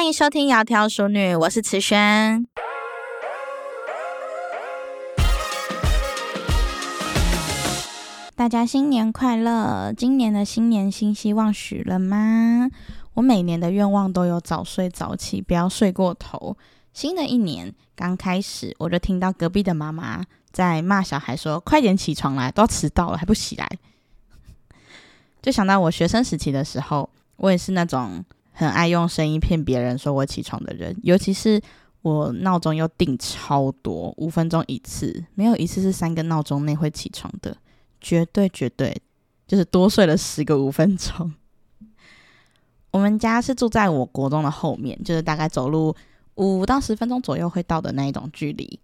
歡迎收聽《窈窕淑女》，我是慈萱。大家新年快樂！今年的新年新希望許了嗎？我每年的願望都有早睡早起，不要睡過頭。新的一年剛開始，我就聽到隔壁的媽媽在罵小孩說：“快點起床來，都要遲到了，還不起來？” 就想到我學生時期的時候，我也是那種。很愛用聲音騙別人說我起床的人，尤其是我鬧鐘又定超多，五分鐘一次，沒有一次是三個鬧鐘內會起床的，絕對絕對，就是多睡了十個五分鐘。我們家是住在我國中的後面，就是大概走路五到十分鐘左右會到的那一種距離。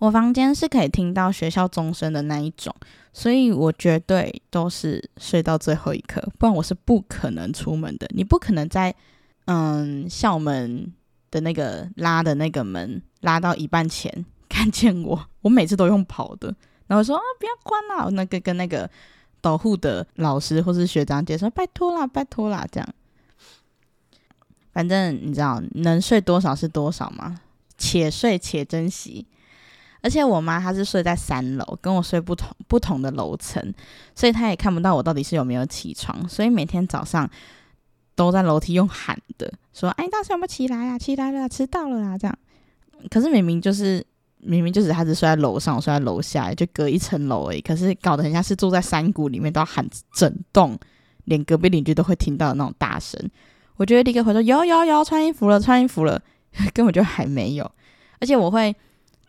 我房間是可以聽到學校鐘聲的那一種，所以我絕對都是睡到最後一刻，不然我是不可能出門的。你不可能在，嗯，校門的那個拉的那個門拉到一半前看見我，我每次都用跑的，然後說啊，不要關啦，那個跟那個導護的老師或是學長姐說，拜託啦，拜託啦，這樣。反正你知道能睡多少是多少嗎？且睡且珍惜。而且我媽她是睡在三樓，跟我睡不同不同的樓層，所以她也看不到我到底是有沒有起床。所以每天早上都在樓梯用喊的說：“哎，你到時有沒有起來呀、啊？起來了，遲到了啊！”這樣。可是明明就是明明就是，她是睡在樓上，我睡在樓下，就隔一層樓而已。可是搞得人家是住在山谷裡面都要喊整棟，連隔壁鄰居都會聽到那種大聲。我覺得一個回說：“有有有，穿衣服了，穿衣服了。”根本就還沒有。而且我會。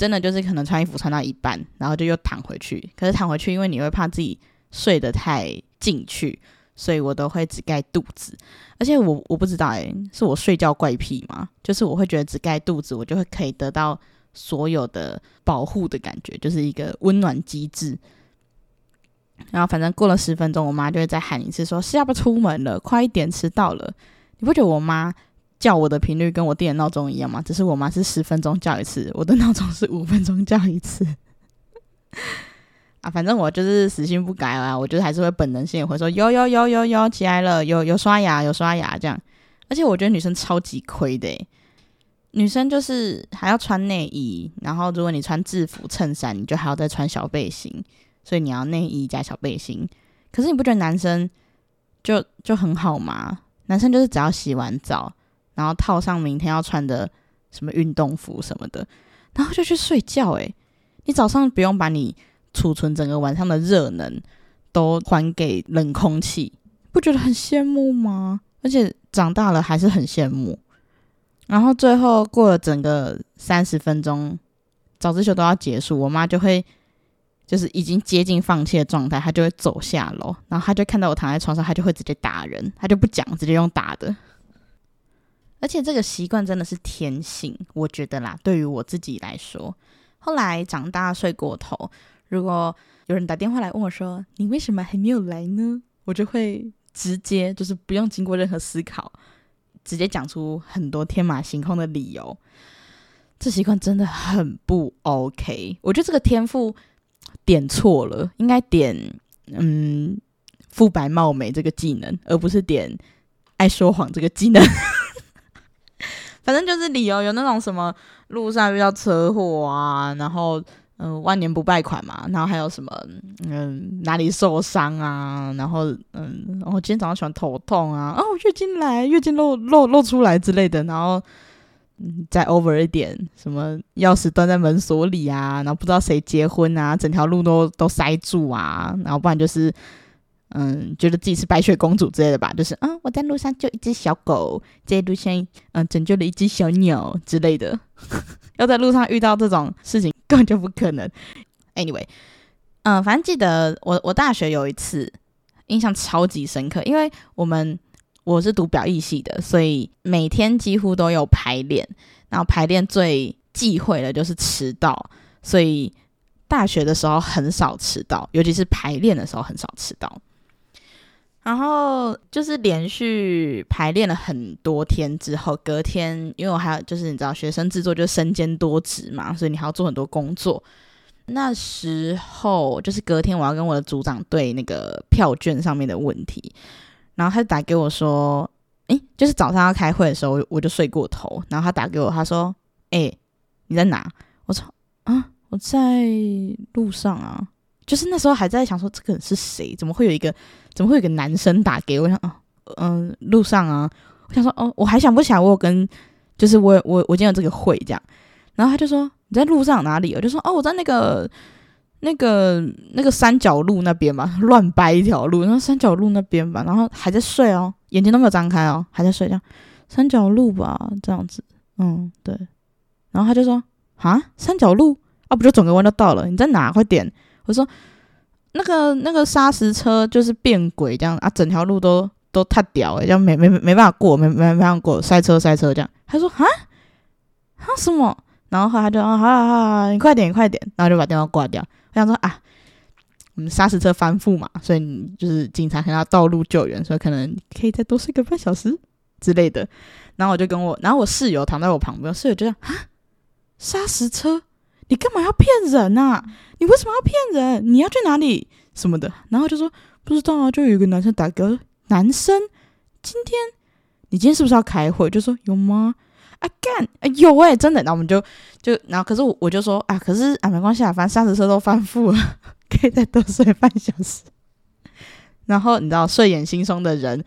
真的就是可能穿衣服穿到一半，然後就又躺回去。可是躺回去，因為你會怕自己睡得太進去，所以我都會只蓋肚子。而且我我不知道哎、欸，是我睡覺怪癖嗎？就是我會覺得只蓋肚子，我就會可以得到所有的保護的感覺，就是一個溫暖機制。然後反正過了十分鐘，我媽就會再喊一次說，說是：要不出門了，快一點，遲到了。你不覺得我媽？叫我的頻率跟我定的鬧鐘一樣嘛，只是我媽是十分鐘叫一次，我的鬧鐘是五分鐘叫一次 啊。反正我就是死性不改啊，我覺得還是會本能性會說“有有有有有，起來了”，有有刷牙有刷牙這樣。而且我覺得女生超級虧的欸，女生就是還要穿內衣，然後如果你穿制服襯衫，你就還要再穿小背心，所以你要內衣加小背心。可是你不覺得男生就就很好嗎？男生就是只要洗完澡。然後套上明天要穿的什麼運動服什麼的，然後就去睡覺。誒，你早上不用把你儲存整個晚上的熱能都還給冷空氣，不覺得很羨慕嗎？而且長大了還是很羨慕。然後最後過了整個三十分鐘，早自習都要結束，我媽就會就是已經接近放棄的狀態，她就會走下樓，然後她就看到我躺在床上，她就會直接打人，她就不講，直接用打的。而且這個習慣真的是天性，我覺得啦。對於我自己來說，後來長大睡過頭，如果有人打電話來問我說：“你為什麼還沒有來呢？”我就會直接就是不用經過任何思考，直接講出很多天馬行空的理由。這習慣真的很不 OK。我覺得這個天賦點錯了，應該點嗯“膚白貌美”這個技能，而不是點“愛說謊”這個技能。 反正就是理由有那種什麼路上遇到車禍啊，然後嗯萬年不敗款嘛，然後還有什麼嗯哪裡受傷啊，然後嗯然後、哦、今天早上喜歡頭痛啊，哦月經來月經漏漏漏出來之類的，然後嗯再 over 一點什麼鑰匙斷在門鎖裡啊，然後不知道誰結婚啊，整條路都都塞住啊，然後不然就是。嗯，覺得自己是白雪公主之類的吧，就是嗯，我在路上救一隻小狗，這一路上嗯拯救了一隻小鳥之類的， 要在路上遇到這種事情根本就不可能。Anyway，嗯，反正記得我我大學有一次印象超級深刻，因為我們我是讀表演系的，所以每天幾乎都有排練，然後排練最忌諱的就是遲到，所以大學的時候很少遲到，尤其是排練的時候很少遲到。然後就是連續排練了很多天之後，隔天因為我還有，就是你知道學生制作就身兼多職嘛，所以你還要做很多工作。那時候就是隔天我要跟我的組長對那個票券上面的問題，然後他就打給我說：“誒，就是早上要開會的時候，我就睡過頭。”然後他打給我，他說：“誒，你在哪？”我說：“啊，我在路上啊。”就是那時候還在想說，這個人是誰？怎麼會有一個怎麼會有一個男生打給我？我想啊，嗯、哦呃，路上啊，我想說，哦，我還想不起來，我有跟就是我我我今天有這個會這樣。然後他就說你在路上哪裡？我就說哦，我在那個那個那個三角路那邊嘛，亂掰一條路，然後三角路那邊吧。然後還在睡哦，眼睛都沒有張開哦，還在睡這樣。三角路吧，這樣子，嗯，對。然後他就說蛤，三角路啊，不就轉個彎就到了？你在哪？快點！我說那個那個砂石車就是變軌這樣啊，整條路都都太屌了、欸，就沒沒沒辦法過，沒沒，沒辦法過，塞車塞車這樣。他說啊啊什麼？然後，後來他就啊好好好，你快點你快點，然後就把電話掛掉。我想說啊，我們砂石車翻覆嘛，所以你就是警察還要道路救援，所以可能可以再多睡個半小時之類的。然後我就跟我，然後我室友躺在我旁邊，室友就這樣，啊，砂石車。你幹嘛要騙人吶、啊？你為什麼要騙人？你要去哪裡？什麼的？然後就說不知道啊。就有一個男生打個男生，今天你今天是不是要開會？就說有嗎？啊幹、欸，有哎、欸，真的。那我們就就然後，可是我我就說啊，可是啊沒關係啊，反正三十歲都翻覆了，可以再多睡半小時。然後你知道，睡眼惺忪的人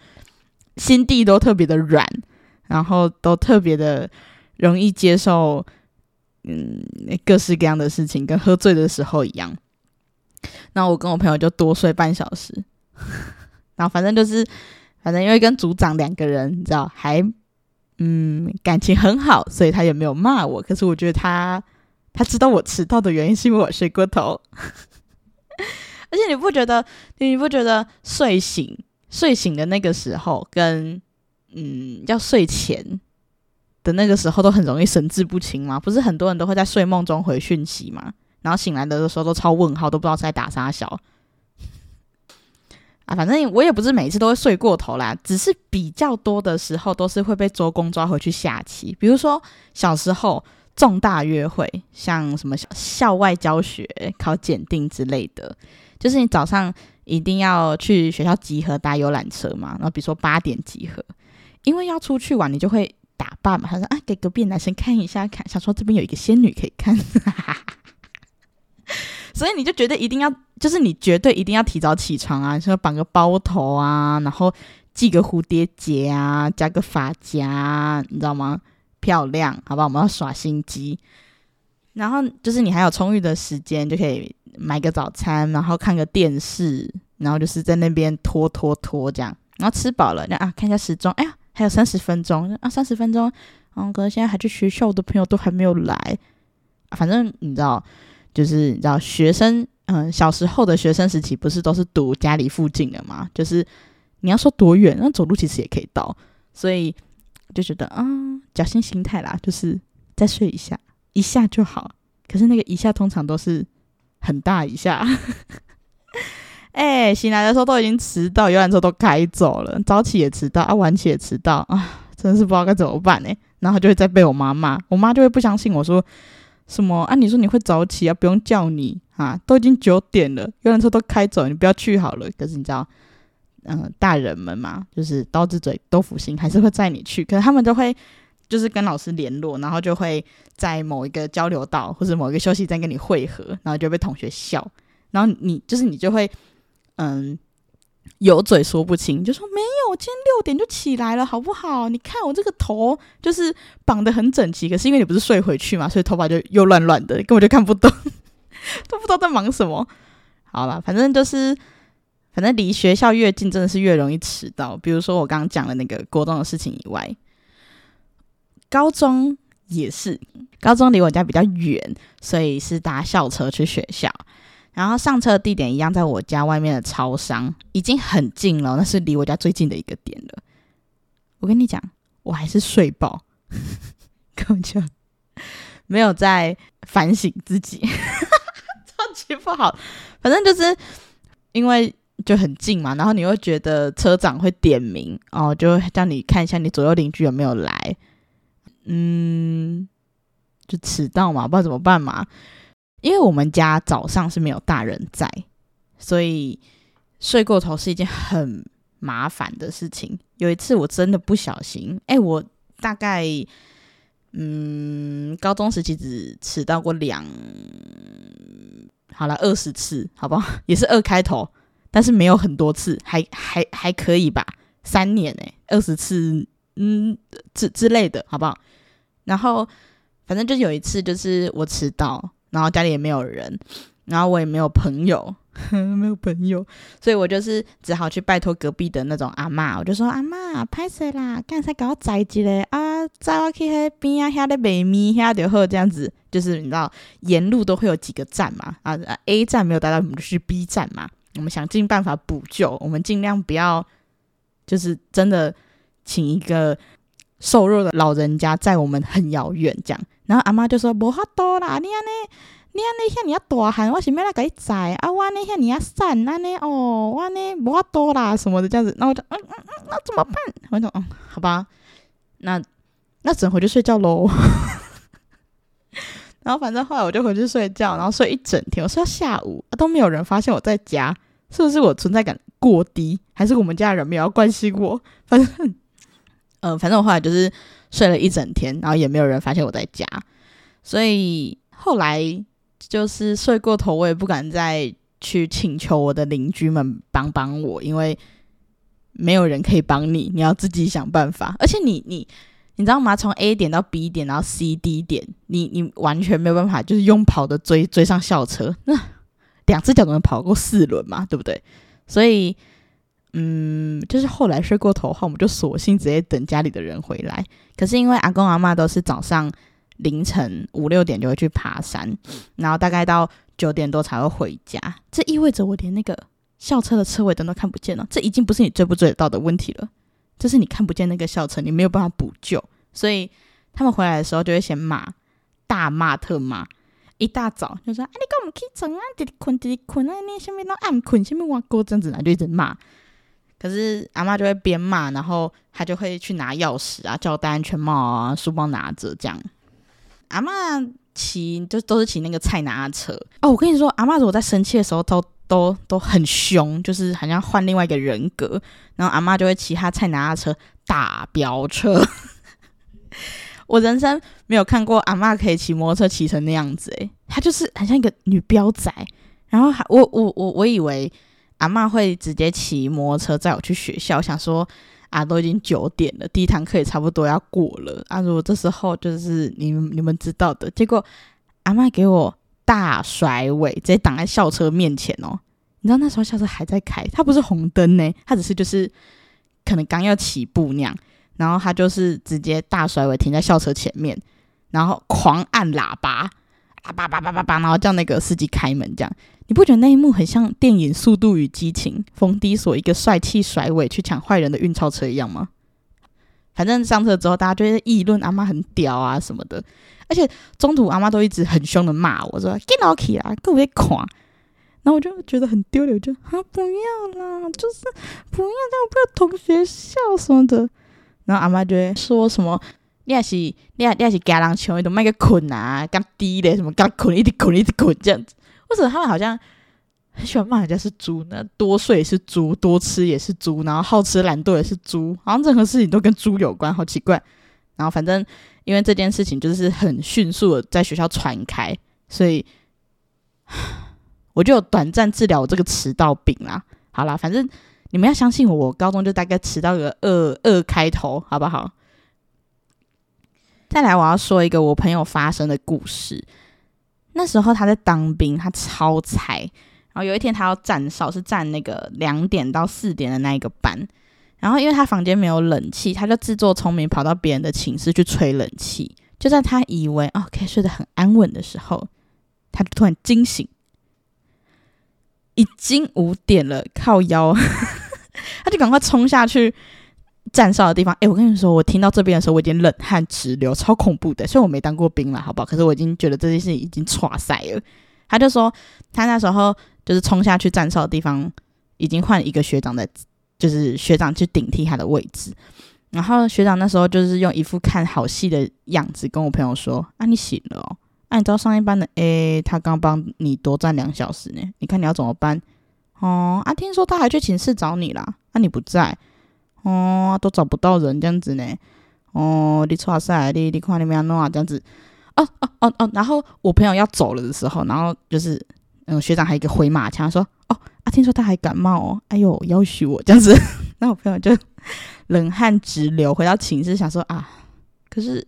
心地都特別的軟，然後都特別的容易接受。嗯，各式各樣的事情跟喝醉的時候一樣。然後我跟我朋友就多睡半小時， 然後反正就是，反正因為跟組長兩個人，你知道還嗯感情很好，所以他也沒有罵我。可是我覺得他他知道我遲到的原因是因為我睡過頭。 而且你不覺得你不覺得睡醒睡醒的那個時候跟嗯要睡前。的那個時候都很容易神志不清嘛，不是很多人都會在睡夢中回訊息嘛，然後醒來的時候都超問號，都不知道在打啥小啊。反正我也不是每一次都會睡過頭啦，只是比較多的時候都是會被周公抓回去下棋。比如說小時候重大約會，像什麼校校外教學、考檢定之類的，就是你早上一定要去學校集合搭遊覽車嘛。然後比如說八點集合，因為要出去玩，你就會。打扮嘛，他說啊，給隔壁男生看一下看，想說這邊有一個仙女可以看， 所以你就覺得一定要，就是你絕對一定要提早起床啊，說綁個包頭啊，然後繫個蝴蝶結啊，加個髮夾、啊，你知道嗎？漂亮，好吧，我們要耍心機。然後就是你還有充裕的時間，就可以買個早餐，然後看個電視，然後就是在那邊拖拖拖這樣，然後吃飽了，那啊看一下時鐘，哎呀。還有三十分鐘啊，三十分鐘。嗯，可能現在還去學校我的朋友都還沒有來、啊。反正你知道，就是你知道學生，嗯，小時候的學生時期不是都是讀家裡附近的嘛。就是你要說多遠，那、嗯、走路其實也可以到。所以就覺得啊、嗯，僥幸心態啦，就是再睡一下，一下就好。可是那個一下通常都是很大一下。 哎、欸，醒來的時候都已經遲到，遊覽車都開走了。早起也遲到啊，晚起也遲到啊，真的是不知道該怎麼辦呢、欸。然後就會再被我媽罵，我媽就會不相信我說什麼啊，你說你會早起啊，不用叫你啊，都已經九點了，遊覽車都開走了，你不要去好了。可是你知道，嗯、呃，大人們嘛，就是刀子嘴豆腐心，還是會載你去。可是他們都會就是跟老師聯絡，然後就會在某一個交流道或者某一個休息站跟你會合，然後就會被同學笑，然後你就是你就會。嗯，有嘴說不清，就說沒有。今天六點就起來了，好不好？你看我這個頭，就是綁得很整齊。可是因為你不是睡回去嘛，所以頭髮就又亂亂的，根本就看不懂，呵呵，都不知道在忙什麼。好了，反正就是，反正離學校越近，真的是越容易遲到。比如說我剛剛講的那個國中的事情以外，高中也是，高中離我家比較遠，所以是搭校車去學校。然後上車的地點一樣，在我家外面的超商，已經很近了，那是離我家最近的一個點了。我跟你講，我還是睡飽，根 本就沒有在反省自己， 超級不好。反正就是因為就很近嘛，然後你會覺得車長會點名，哦，就叫你看一下你左右鄰居有沒有來，嗯，就遲到嘛，不知道怎麼辦嘛。因為我們家早上是沒有大人在，所以睡過頭是一件很麻煩的事情。有一次我真的不小心，哎，我大概嗯，高中時期只遲到過兩好了二十次，好不好？也是二開頭，但是沒有很多次，還還還可以吧。三年哎，二十次，嗯，之之類的，好不好？然後反正就有一次，就是我遲到。然後家裡也沒有人，然後我也沒有朋友，沒有朋友，所以我就是只好去拜托隔壁的那種阿嬤，我就說阿嬤，歹勢啦，剛才給我載一個啊，載我去嘿邊啊，下咧賣米，下的後這樣子，就是你知道沿路都會有幾個站嘛，啊 A 站沒有帶到，我們就去 B 站嘛，我們想盡辦法補救，我們儘量不要就是真的請一個瘦弱的老人家載我們很遙遠這樣。然後阿媽就說無法多啦，你安尼，你安尼遐爾大漢，我是要那給你載，啊我安尼遐爾散，安尼哦，我安尼無法多啦什麼的這樣子，那我就嗯嗯嗯，那怎麼辦？我就，嗯，好吧，那那只能回去睡覺嘍。 然後反正後來我就回去睡覺，然後睡一整天，我睡到下午都沒有人發現我在家，是不是我存在感過低，還是我們家人沒有關心我？反正。嗯、呃，反正我後來就是睡了一整天，然後也沒有人發現我在家，所以後來就是睡過頭，我也不敢再去請求我的鄰居們幫幫我，因為沒有人可以幫你，你要自己想辦法。而且你你你知道嗎？從 A 點到 B 點，然後 C D 點，你你完全沒有辦法，就是用跑的追追上校車，那兩隻腳都能跑過四輪嘛？對不對？所以。嗯，就是後來睡過頭後我們就索性直接等家裡的人回來。可是因為阿公阿媽都是早上凌晨五六點就會去爬山，然後大概到九點多才會回家。這意味着我連那個校車的車尾燈都看不見了。這已經不是你追不追得到的問題了，就是你看不見那個校車，你沒有辦法補救。所以他們回來的時候就會先罵，大罵特罵，一大早就說：“啊，你幹嘛不起床啊？直直困，直直困啊！你上面都暗困，下、啊、面我哥這樣子來對着罵。”可是阿媽就會邊罵，然後她就會去拿鑰匙啊，叫戴安全帽啊，書包拿着這樣。阿媽騎就都是騎那個菜籃子車哦。我跟你說，阿媽如果在生氣的時候都都都很凶，就是好像換另外一個人格。然後阿媽就會騎她菜籃子車大飆車。車 我人生沒有看過阿媽可以騎摩托車騎成那樣子哎，她就是很像一個女飆仔。然後還我我我我以為。阿嬤會直接騎摩托車載我去學校，想說啊，都已經九點了，第一堂課也差不多要過了啊。如果這時候就是你你們知道的，結果阿嬤給我大甩尾，直接擋在校車面前哦。你知道那時候校車還在開，它不是紅燈呢，它只是就是可能剛要起步那樣，然後它就是直接大甩尾停在校車前面，然後狂按喇叭。叭叭叭叭叭叭，然後叫那個司機開門，這樣你不覺得那一幕很像電影《速度與激情》馮迪索一個帥氣甩尾去搶壞人的運鈔車一樣嗎？反正上車之後大家就在議論阿媽很屌啊什麼的，而且中途阿媽都一直很凶的罵我說：“Get lucky 啊，夠不快！”然後我就覺得很丟臉，我就啊不要啦，就是不要讓我被同學笑什麼的。然後阿媽就會說什麼。你也是你，你是人窮，都啊，低的什麼一直睏，一直睏這樣子。為什麼他們好像很喜歡罵人家是豬，多睡也是豬，多吃也是豬，然後好吃懶惰也是豬，好像任何事情都跟豬有關，好奇怪。然後反正因為這件事情就是很迅速的在學校傳開，所以我就短暫治療我這個遲到病啦。好啦，反正你們要相信我，我高中就大概遲到個二二開頭，好不好？再來，我要說一個我朋友發生的故事。那時候他在當兵，他超菜。然後有一天他要站哨，是站那個兩點到四點的那一個班。然後因為他房間沒有冷氣，他就自作聰明跑到別人的寢室去吹冷氣。就在他以為哦可以睡得很安穩的時候，他就突然驚醒，已經五點了，靠腰， 他就趕快衝下去。站哨的地方，哎、欸，我跟你說，我聽到這邊的時候，我已經冷汗直流，超恐怖的。雖然我沒當過兵了，好不好？可是我已經覺得這件事情已經耍曬了。他就說，他那時候就是衝下去站哨的地方，已經換一個學長的，就是學長去頂替他的位置。然後學長那時候就是用一副看好戲的樣子，跟我朋友說：“啊，你醒了哦？啊，你知道上一班的 A，他剛幫你多站兩小時呢。你看你要怎麼辦？哦、嗯，啊，聽說他還去寢室找你啦？那、啊、你不在。”哦，都找不到人這樣子呢。哦，你穿啥？你你們要弄啊這樣子。哦哦哦哦，然後我朋友要走了的時候，然後就是，嗯，學長還一個回馬槍說，哦啊，聽說他還感冒哦。哎呦，要挾我這樣子。那 我朋友就冷汗直流，回到寢室想說啊，可是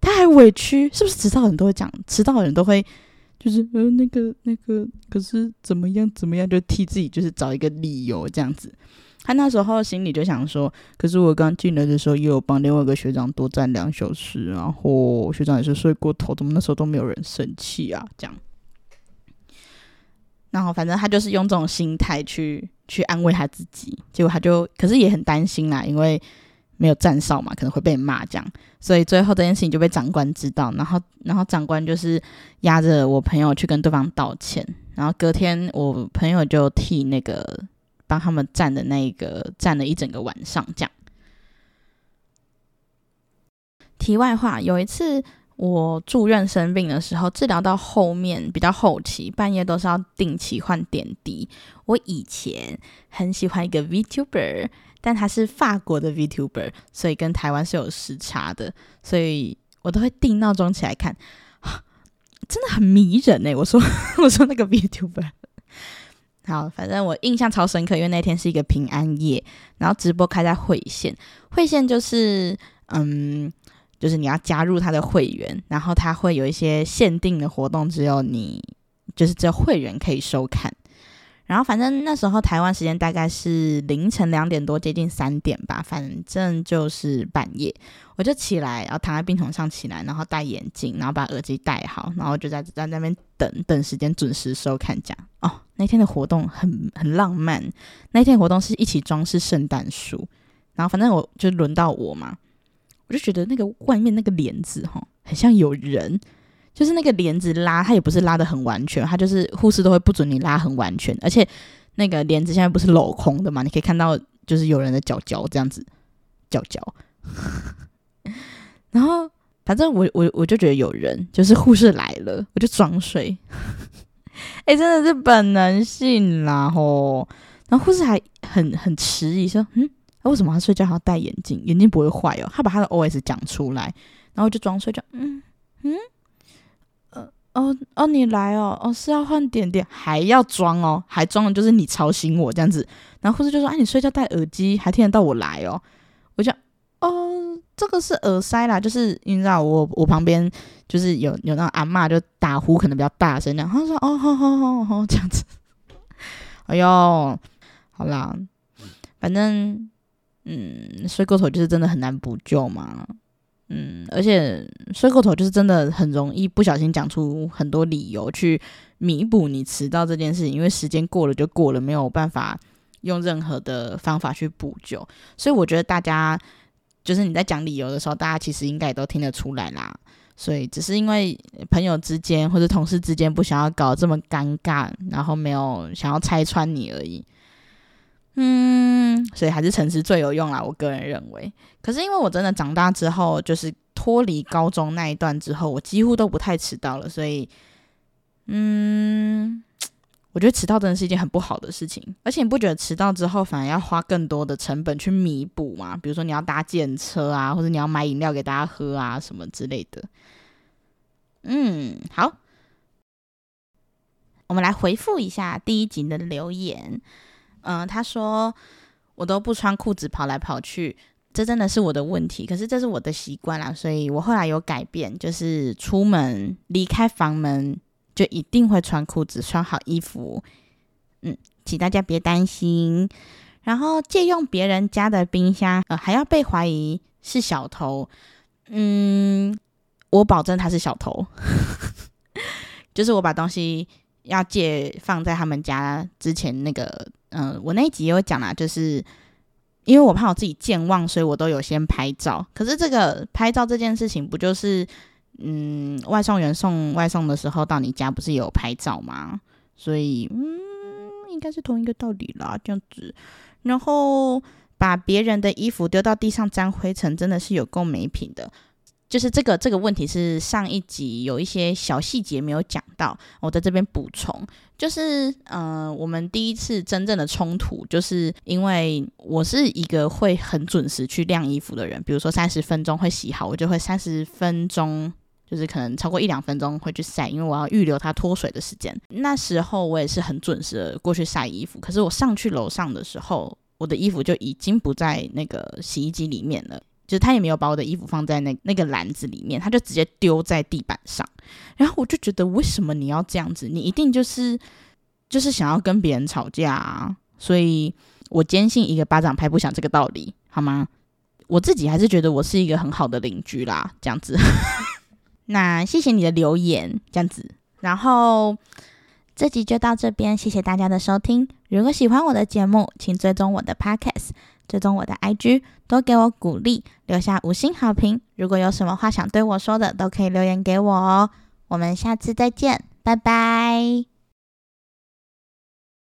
他還委屈，是不是遲到的人都會講遲到的人都會,人都會就是呃那個那個，可是怎麼樣怎麼樣就替自己就是找一個理由這樣子。他那時候心裡就想說：“可是我剛進來的時候，又有幫另外一個學長多站兩小時，然後學長也是睡過頭，怎麼那時候都沒有人生氣啊？”這樣，然後反正他就是用這種心態去去安慰他自己，結果他就可是也很擔心啦，因為沒有站哨嘛，可能會被罵這樣，所以最後這件事情就被長官知道，然後然後長官就是壓着我朋友去跟對方道歉，然後隔天我朋友就替那個。幫他們站的那一個站了一整個晚上，這樣。題外話，有一次我住院生病的時候，治療到後面比較後期，半夜都是要定期換點滴。我以前很喜歡一個 VTuber，但他是法國的 VTuber，所以跟台灣是有時差的，所以我都會定鬧鐘起來看，哦，真的很迷人哎！我說，我說那個 VTuber。好，反正我印象超深刻，因為那天是一個平安夜，然後直播開在會限，會限就是，嗯，就是你要加入他的會員，然後他會有一些限定的活動，只有你，就是只有會員可以收看。然後反正那時候台灣時間大概是凌晨兩點多，接近三點吧，反正就是半夜，我就起來，然後躺在病床上起來，然後戴眼鏡，然後把耳機戴好，然後就在在那邊等等時間準時收看這樣哦，那天的活動很很浪漫，那天的活動是一起裝飾聖誕樹，然後反正我就輪到我嘛，我就覺得那個外面那個簾子哈、哦，很像有人。就是那個簾子拉，它也不是拉得很完全，它就是護士都會不准你拉很完全。而且那個簾子現在不是鏤空的嘛，你可以看到就是有人的腳腳這樣子，腳腳。 然後反正我我我就覺得有人，就是護士來了，我就裝睡。誒、 欸，真的是本能性啦吼。然後護士還很很遲疑說：“嗯、啊，為什麼他睡覺？還要戴眼鏡？眼鏡不會壞哦。”他把他的 O S 講出來，然後我就裝睡覺。嗯嗯。哦哦，你來哦哦，是要換點點，還要裝哦，還裝的就是你吵醒我這樣子，然後護士就說：哎、啊，你睡覺戴耳機，還聽得到我來哦。我就哦，這個是耳塞啦，就是你知道，我我旁邊就是有有那阿嬤就打呼可能比較大聲，然後說：哦，好、哦，好、哦，好、哦，好、哦，這樣子。 哎呦，好啦，反正，嗯，睡過頭就是真的很難補救嘛。嗯，而且睡過頭就是真的很容易不小心講出很多理由去彌補你遲到這件事情，因為時間過了就過了，沒有辦法用任何的方法去補救。所以我覺得大家就是你在講理由的時候，大家其實應該也都聽得出來啦。所以只是因為朋友之間或者同事之間不想要搞得這麼尷尬，然後沒有想要拆穿你而已。嗯，所以還是誠實最有用啦，我個人認為。可是因為我真的長大之後，就是脫離高中那一段之後，我幾乎都不太遲到了，所以，嗯，我覺得遲到真的是一件很不好的事情。而且你不覺得遲到之後反而要花更多的成本去彌補嗎？比如說你要搭電車啊，或者你要買飲料給大家喝啊，什麼之類的。嗯，好，我們來回復一下第一集的留言。嗯、呃，他說我都不穿褲子跑來跑去，這真的是我的問題。可是這是我的習慣啦，所以我後來有改變，就是出門離開房門就一定會穿褲子，穿好衣服。嗯，請大家別擔心。然後借用別人家的冰箱，呃，還要被懷疑是小偷。嗯，我保證他是小偷， 就是我把東西要借放在他們家之前那個。嗯、呃，我那一集也有講啦、啊，就是因為我怕我自己健忘，所以我都有先拍照。可是這個拍照這件事情，不就是嗯，外送員送外送的時候到你家，不是有拍照嗎？所以嗯，應該是同一個道理啦，這樣子。然後把別人的衣服丟到地上沾灰塵，真的是有夠沒品的。就是這個這個問題是上一集有一些小細節沒有講到，我在這邊補充。就是，嗯、呃，我們第一次真正的衝突，就是因為我是一個會很準時去晾衣服的人，比如說三十分鐘會洗好，我就會三十分鐘，就是可能超過一兩分鐘會去曬，因為我要預留它脫水的時間。那時候我也是很準時的過去曬衣服，可是我上去樓上的時候，我的衣服就已經不在那個洗衣機裡面了。就是他也沒有把我的衣服放在那那個籃子裡面，他就直接丟在地板上。然後我就覺得，為什麼你要這樣子？你一定就是就是想要跟別人吵架啊。所以，我堅信一個巴掌拍不響這個道理，好嗎？我自己還是覺得我是一個很好的鄰居啦，這樣子。 那謝謝你的留言，這樣子。然後這集就到這邊，謝謝大家的收聽。如果喜歡我的節目，請追蹤我的 Podcast 追蹤我的 IG，多給我鼓勵，留下五星好評。如果有什麼話想對我說的，都可以留言給我哦。我們下次再見，拜拜。